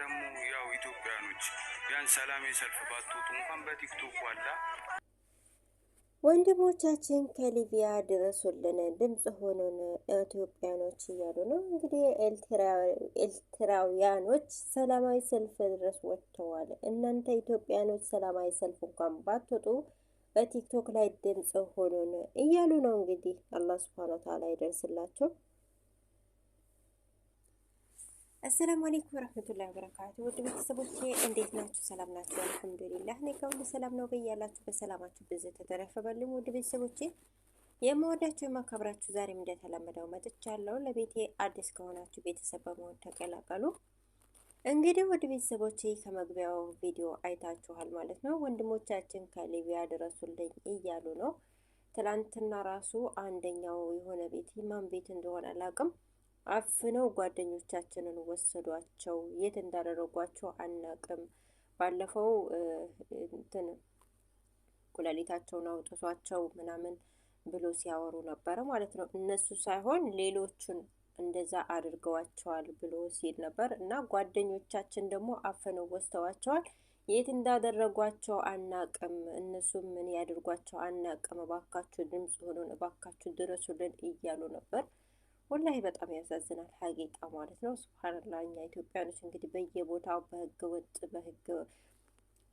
ደግሞ ያው ኢትዮጵያኖች ቢያንስ ሰላም ሰልፍ ባትወጡ እንኳን በቲክቶክ ዋላ ወንድሞቻችን ከሊቢያ ድረሱልን፣ ድምፅ ሆኑን ኢትዮጵያኖች እያሉ ነው እንግዲህ። ኤርትራውያኖች ሰላማዊ ሰልፍ ድረስ ወጥተዋል። እናንተ ኢትዮጵያኖች ሰላማዊ ሰልፍ እንኳን ባትወጡ በቲክቶክ ላይ ድምፅ ሆኑን እያሉ ነው እንግዲህ። አላህ ስብሃነ ወተዓላ ይደርስላቸው። አሰላሙ አለይኩም ወረህመቱላሂ ወበረካቱ ውድ ቤተሰቦቼ እንዴት ናችሁ? ሰላም ናችሁ? አልሐምዱሊላህ እኔ ከሁሉ ሰላም ነው። በያላችሁ በሰላማችሁ ብዙ ተተረፈበልኝ። ውድ ቤተሰቦቼ የመወዳችሁ የማከብራችሁ ዛሬም እንደተለመደው መጥቻለሁ። ለቤቴ አዲስ ከሆናችሁ ቤተሰብ በመሆን ተቀላቀሉ። እንግዲህ ውድ ቤተሰቦቼ ከመግቢያው ቪዲዮ አይታችኋል ማለት ነው። ወንድሞቻችን ከሊቢያ ድረሱልኝ እያሉ ነው። ትላንትና ራሱ አንደኛው የሆነ ቤት ማን ቤት እንደሆነ አላውቅም አፍነው ጓደኞቻችንን ወሰዷቸው። የት እንዳደረጓቸው አናቅም። ባለፈው እንትን ኩላሊታቸውን አውጥቷቸው ምናምን ብሎ ሲያወሩ ነበረ ማለት ነው። እነሱ ሳይሆን ሌሎቹን እንደዛ አድርገዋቸዋል ብሎ ሲል ነበር እና ጓደኞቻችን ደግሞ አፍነው ወስተዋቸዋል። የት እንዳደረጓቸው አናቅም። እነሱ ምን ያደርጓቸው አናቅም። እባካችሁ ድምፅ ሆኖን እባካችሁ ድረሱልን እያሉ ነበር። ወላሂ በጣም ያሳዝናል። ሀቂቃ ማለት ነው። ስብሓንላ እኛ ኢትዮጵያኖች እንግዲህ በየቦታው በህገ ወጥ በህገ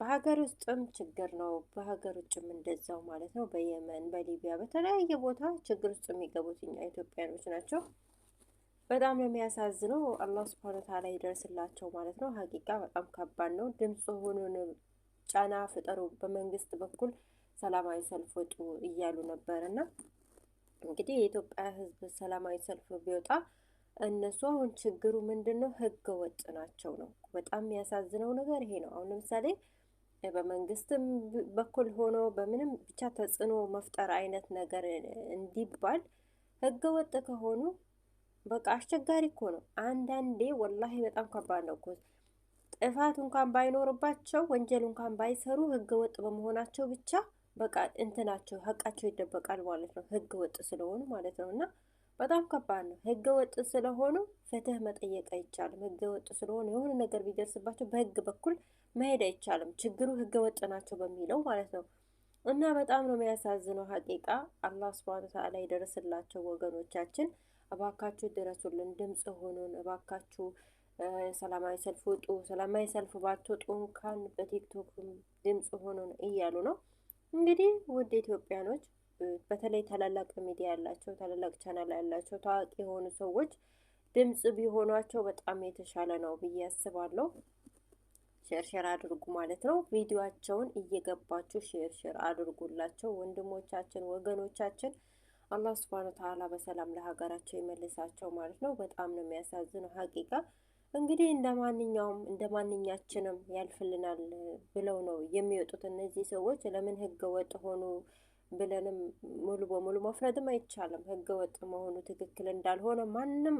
በሀገር ውስጥም ችግር ነው፣ በሀገር ውጭም እንደዛው ማለት ነው። በየመን በሊቢያ በተለያየ ቦታ ችግር ውስጥ የሚገቡት እኛ ኢትዮጵያኖች ናቸው። በጣም ነው የሚያሳዝነው። አላህ ስብሓን ታላ ይደርስላቸው ማለት ነው። ሀቂቃ በጣም ከባድ ነው። ድምፅ ሆኑን ጫና ፍጠሩ፣ በመንግስት በኩል ሰላማዊ ሰልፍ ወጡ እያሉ ነበር እና እንግዲህ የኢትዮጵያ ህዝብ ሰላማዊ ሰልፍ ቢወጣ እነሱ አሁን ችግሩ ምንድን ነው? ህገ ወጥ ናቸው ነው። በጣም የሚያሳዝነው ነገር ይሄ ነው። አሁን ለምሳሌ በመንግስትም በኩል ሆኖ በምንም ብቻ ተጽዕኖ መፍጠር አይነት ነገር እንዲባል ህገ ወጥ ከሆኑ በቃ አስቸጋሪ እኮ ነው። አንዳንዴ ወላሂ በጣም ከባድ ነው እኮ ጥፋት እንኳን ባይኖርባቸው ወንጀል እንኳን ባይሰሩ ህገ ወጥ በመሆናቸው ብቻ በቃ እንትናቸው ሀቃቸው ይደበቃል ማለት ነው። ህገ ወጥ ስለሆኑ ማለት ነው። እና በጣም ከባድ ነው። ህገ ወጥ ስለሆኑ ፍትህ መጠየቅ አይቻልም። ህገ ወጥ ስለሆኑ የሆነ ነገር ቢደርስባቸው በህግ በኩል መሄድ አይቻልም። ችግሩ ህገ ወጥ ናቸው በሚለው ማለት ነው። እና በጣም ነው የሚያሳዝነው ሀቂቃ። አላህ ስብሃነ ተዓላ የደረስላቸው ወገኖቻችን፣ እባካችሁ ድረሱልን፣ ድምፅ ሆኑን እባካችሁ። ሰላማዊ ሰልፍ ውጡ፣ ሰላማዊ ሰልፍ ባትወጡ እንኳን በቲክቶክ ድምፅ ሆኑን እያሉ ነው። እንግዲህ ውድ ኢትዮጵያኖች በተለይ ታላላቅ ሚዲያ ያላቸው ታላላቅ ቻናል ያላቸው ታዋቂ የሆኑ ሰዎች ድምፅ ቢሆኗቸው በጣም የተሻለ ነው ብዬ አስባለሁ። ሼርሼር አድርጉ ማለት ነው። ቪዲዮቸውን እየገባችሁ ሼርሼር አድርጉላቸው ወንድሞቻችን፣ ወገኖቻችን አላህ ስብሃነ ተዓላ በሰላም ለሀገራቸው ይመልሳቸው ማለት ነው። በጣም ነው የሚያሳዝነው ሀቂቃ እንግዲህ እንደ ማንኛውም እንደ ማንኛችንም ያልፍልናል ብለው ነው የሚወጡት እነዚህ ሰዎች። ለምን ህገ ወጥ ሆኑ ብለንም ሙሉ በሙሉ መፍረድም አይቻልም። ህገ ወጥ መሆኑ ትክክል እንዳልሆነ ማንም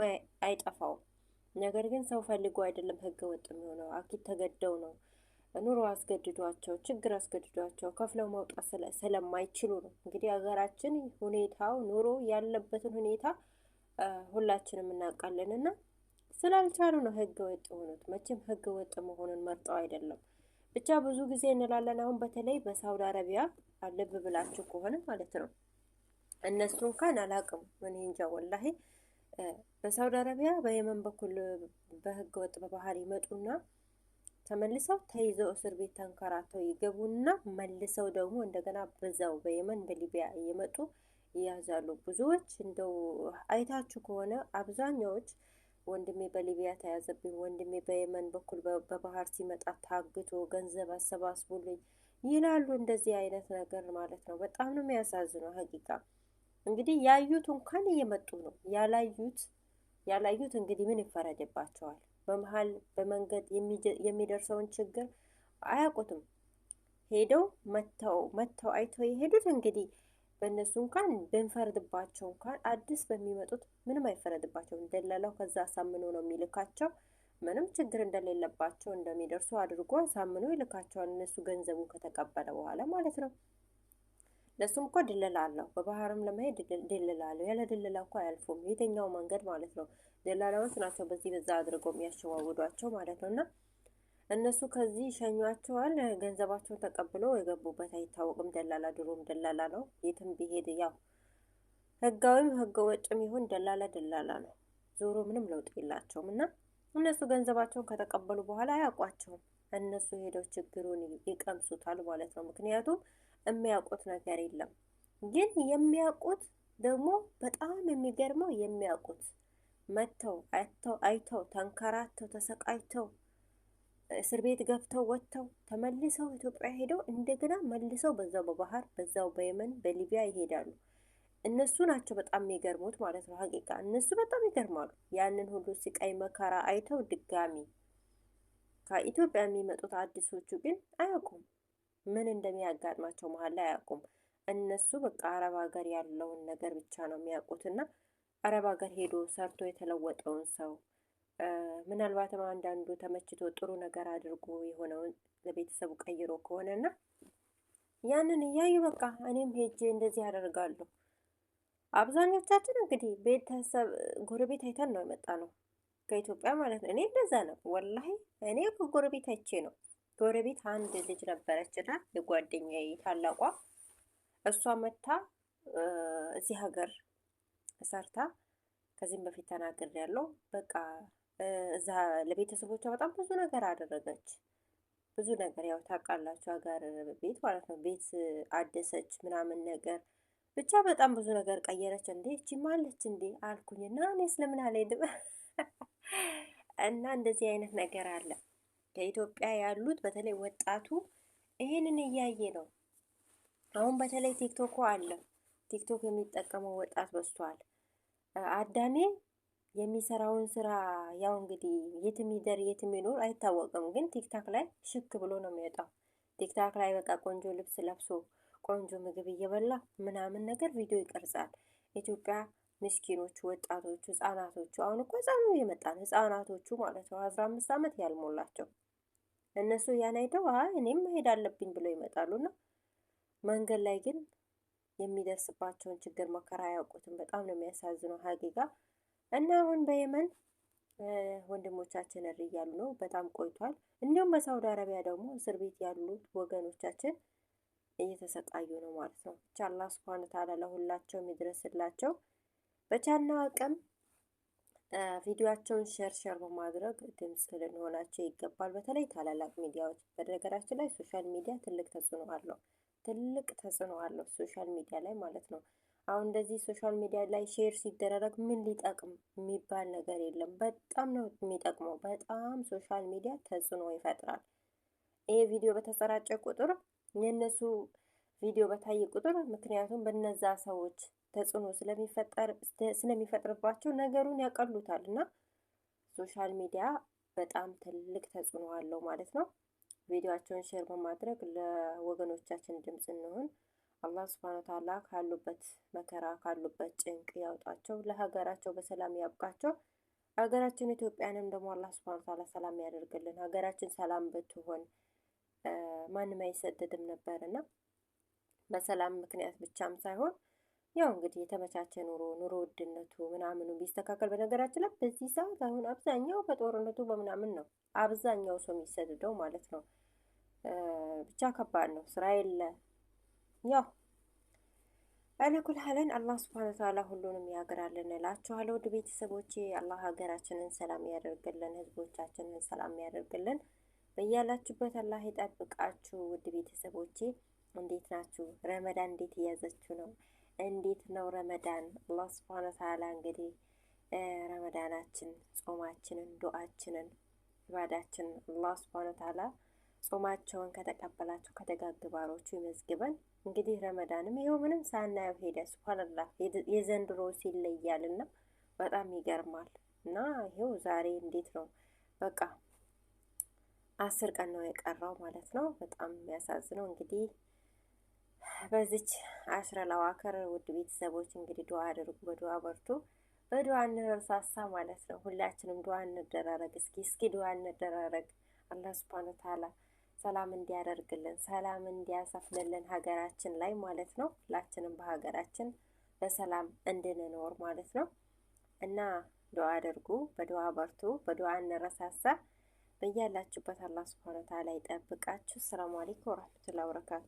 አይጠፋውም። ነገር ግን ሰው ፈልጎ አይደለም ህገ ወጥ የሚሆነው። አኪት ተገደው ነው፣ ኑሮ አስገድዷቸው፣ ችግር አስገድዷቸው ከፍለው መውጣት ስለማይችሉ ነው። እንግዲህ ሀገራችን ሁኔታው ኑሮ ያለበትን ሁኔታ ሁላችንም እናውቃለንና ስላልቻሉ ነው ህገ ወጥ የሆኑት። መቼም ህገ ወጥ መሆኑን መርጠው አይደለም። ብቻ ብዙ ጊዜ እንላለን። አሁን በተለይ በሳውዲ አረቢያ ልብ ብላችሁ ከሆነ ማለት ነው እነሱ እንኳን አላቅም ምን እንጃ ወላሂ በሳውዲ አረቢያ በየመን በኩል በህገ ወጥ በባህር ይመጡና ተመልሰው ተይዘው እስር ቤት ተንከራተው ይገቡና መልሰው ደግሞ እንደገና በዛው በየመን በሊቢያ እየመጡ ይያዛሉ። ብዙዎች እንደው አይታችሁ ከሆነ አብዛኛዎች ወንድሜ በሊቢያ ተያዘብኝ፣ ወንድሜ በየመን በኩል በባህር ሲመጣ ታግቶ ገንዘብ አሰባስቡልኝ ይላሉ። እንደዚህ አይነት ነገር ማለት ነው። በጣም ነው የሚያሳዝነው። ሀቂቃ እንግዲህ ያዩት እንኳን እየመጡ ነው። ያላዩት ያላዩት እንግዲህ ምን ይፈረድባቸዋል? በመሀል በመንገድ የሚደርሰውን ችግር አያውቁትም። ሄደው መተው መተው አይተው የሄዱት እንግዲህ በእነሱ እንኳን ብንፈርድባቸው እንኳን አዲስ በሚመጡት ምንም አይፈረድባቸውም። ደለላው ከዛ አሳምኖ ነው የሚልካቸው። ምንም ችግር እንደሌለባቸው እንደሚደርሱ አድርጎ አሳምኖ ይልካቸዋል። እነሱ ገንዘቡን ከተቀበለ በኋላ ማለት ነው። ለሱም እኮ ድልላ አለው። በባህርም ለመሄድ ድልላ አለው። ያለ ድልላ እኮ አያልፉም። የተኛው መንገድ ማለት ነው። ደላላዎች ናቸው በዚህ በዛ አድርገው የሚያሸዋውዷቸው ማለት ነው እና እነሱ ከዚህ ይሸኟቸዋል። ገንዘባቸውን ተቀብሎ የገቡበት አይታወቅም። ደላላ ድሮም ደላላ ነው። የትም ቢሄድ ያው ህጋዊም ህገ ወጭም ይሁን ደላላ ደላላ ነው። ዞሮ ምንም ለውጥ የላቸውም እና እነሱ ገንዘባቸውን ከተቀበሉ በኋላ አያውቋቸውም። እነሱ ሄደው ችግሩን ይቀምሱታል ማለት ነው። ምክንያቱም የሚያውቁት ነገር የለም። ግን የሚያውቁት ደግሞ በጣም የሚገርመው የሚያውቁት መጥተው አይተው ተንከራተው ተሰቃይተው እስር ቤት ገብተው ወጥተው ተመልሰው ኢትዮጵያ ሄደው እንደገና መልሰው በዛው በባህር በዛው በየመን በሊቢያ ይሄዳሉ። እነሱ ናቸው በጣም የሚገርሙት ማለት ነው። ሀቂቃ እነሱ በጣም ይገርማሉ። ያንን ሁሉ ስቃይ መከራ አይተው ድጋሚ ከኢትዮጵያ የሚመጡት አዲሶቹ ግን አያውቁም፣ ምን እንደሚያጋጥማቸው መሀል ላይ አያውቁም። እነሱ በቃ አረብ ሀገር ያለውን ነገር ብቻ ነው የሚያውቁትና አረብ ሀገር ሄዶ ሰርቶ የተለወጠውን ሰው ምናልባትም አንዳንዱ ተመችቶ ጥሩ ነገር አድርጎ የሆነውን ለቤተሰቡ ቀይሮ ከሆነና ያንን እያዩ በቃ እኔም ሄጄ እንደዚህ ያደርጋለሁ። አብዛኞቻችን እንግዲህ ቤተሰብ ጎረቤት አይተን ነው የመጣ ነው ከኢትዮጵያ ማለት ነው። እኔ እንደዛ ነው ወላሂ። እኔ ጎረቤት አይቼ ነው። ጎረቤት አንድ ልጅ ነበረችና የጓደኛዬ ታላቋ እሷ መታ እዚህ ሀገር ሰርታ ከዚህም በፊት ተናግሬያለሁ። በቃ እዛ ለቤተሰቦቿ በጣም ብዙ ነገር አደረገች። ብዙ ነገር ያው ታውቃላችሁ፣ ሀገር ቤት ማለት ነው። ቤት አደሰች ምናምን ነገር ብቻ በጣም ብዙ ነገር ቀየረች። እንዴ እቺ ማለች እንዴ አልኩኝ እና እኔስ ስለምን አልሄድም እና እንደዚህ አይነት ነገር አለ። ከኢትዮጵያ ያሉት በተለይ ወጣቱ ይህንን እያየ ነው። አሁን በተለይ ቲክቶክ አለ። ቲክቶክ የሚጠቀመው ወጣት በዝቷል። አዳሜ የሚሰራውን ስራ ያው እንግዲህ የትም ይደር የትም ይኖር አይታወቅም። ግን ቲክታክ ላይ ሽክ ብሎ ነው የሚወጣው። ቲክታክ ላይ በቃ ቆንጆ ልብስ ለብሶ ቆንጆ ምግብ እየበላ ምናምን ነገር ቪዲዮ ይቀርጻል። ኢትዮጵያ ምስኪኖቹ፣ ወጣቶቹ፣ ህጻናቶቹ አሁን እኮ ህጻኑ የመጣ ነው። ህጻናቶቹ ማለት ነው አስራ አምስት ዓመት ያልሞላቸው እነሱ ያን አይተው እኔም መሄድ አለብኝ ብለው ይመጣሉና መንገድ ላይ ግን የሚደርስባቸውን ችግር መከራ አያውቁትም። በጣም ነው የሚያሳዝነው ሀቂቃ እና አሁን በየመን ወንድሞቻችን እሪ እያሉ ነው። በጣም ቆይቷል። እንዲሁም በሳውዲ አረቢያ ደግሞ እስር ቤት ያሉት ወገኖቻችን እየተሰቃዩ ነው ማለት ነው። ብቻ አላህ ስብሃነ ተዓላ ለሁላቸው የሚድረስላቸው በቻናው አቅም ቪዲዮቸውን ሸር ሸር በማድረግ ድምፅ ልንሆናቸው ይገባል። በተለይ ታላላቅ ሚዲያዎች፣ በነገራችን ላይ ሶሻል ሚዲያ ትልቅ ተጽዕኖ አለው። ትልቅ ተጽዕኖ አለው ሶሻል ሚዲያ ላይ ማለት ነው። አሁን እንደዚህ ሶሻል ሚዲያ ላይ ሼር ሲደረግ ምን ሊጠቅም የሚባል ነገር የለም። በጣም ነው የሚጠቅመው። በጣም ሶሻል ሚዲያ ተጽዕኖ ይፈጥራል። ይሄ ቪዲዮ በተሰራጨ ቁጥር የእነሱ ቪዲዮ በታየ ቁጥር ምክንያቱም በነዛ ሰዎች ተጽዕኖ ስለሚፈጥርባቸው ነገሩን ያቀሉታል እና ሶሻል ሚዲያ በጣም ትልቅ ተጽዕኖ አለው ማለት ነው። ቪዲዮቸውን ሼር በማድረግ ለወገኖቻችን ድምፅ እንሆን። አላህ ስብሐነ ወተዓላ ካሉበት መከራ ካሉበት ጭንቅ ያውጣቸው፣ ለሀገራቸው በሰላም ያብቃቸው። ሀገራችን ኢትዮጵያንም ደግሞ አላህ ስብሐነ ወተዓላ ሰላም ያደርግልን። ሀገራችን ሰላም ብትሆን ማንም አይሰደድም ነበርና በሰላም ምክንያት ብቻም ሳይሆን ያው እንግዲህ የተመቻቸ ኑሮ ኑሮ ውድነቱ ምናምኑ ቢስተካከል። በነገራችን ላይ በዚህ ሰዓት አሁን አብዛኛው በጦርነቱ በምናምን ነው አብዛኛው ሰው የሚሰደደው ማለት ነው። ብቻ ከባድ ነው። ስራ የለ ያው ኩል ሀለን አላህ ስብሐነ ወተዓላ ሁሉንም ያገራልን እላችኋለሁ። ውድ ቤተሰቦቼ አላህ ሀገራችንን ሰላም ያደርግልን፣ ህዝቦቻችንን ሰላም ያደርግልን። በያላችሁበት አላህ ይጠብቃችሁ። ውድ ቤተሰቦቼ እንዴት ናችሁ? ረመዳን እንዴት እያዘችሁ ነው? እንዴት ነው ረመዳን? አላህ ስብሐነ ወተዓላ እንግዲህ ረመዳናችን፣ ጾማችንን፣ ዱዓችንን፣ ኢባዳችንን አላህ ስብሐነ ወተዓላ ጾማቸውን ከተቀበላቸው ከተጋግባሮቹ ይመዝግበን። እንግዲህ ረመዳንም ይኸው ምንም ሳናየው ሄደ። ሱብሃንላ የዘንድሮ ሲለያልና በጣም ይገርማል። እና ይኸው ዛሬ እንዴት ነው በቃ አስር ቀን ነው የቀረው ማለት ነው። በጣም የሚያሳዝነው እንግዲህ በዚች አሽረ ለዋከር ውድ ቤተሰቦች እንግዲህ ዱዓ አድርጉ፣ በዱዓ በርቱ፣ በዱዓ እንረሳሳ ማለት ነው። ሁላችንም ዱዓ እንደራረግ። እስኪ እስኪ ዱዓ እንደራረግ። አላህ ሱብሃነሁ ወተዓላ ሰላም እንዲያደርግልን ሰላም እንዲያሰፍንልን ሀገራችን ላይ ማለት ነው። ሁላችንም በሀገራችን በሰላም እንድንኖር ማለት ነው እና ዱዓ አድርጉ፣ በዱዓ በርቱ፣ በዱዓ እንረሳሳ። በያላችሁበት አላህ ስብሐነ ወተዓላ ይጠብቃችሁ። ሰላም አለይኩም ወረሕመቱላሂ ወበረካቱ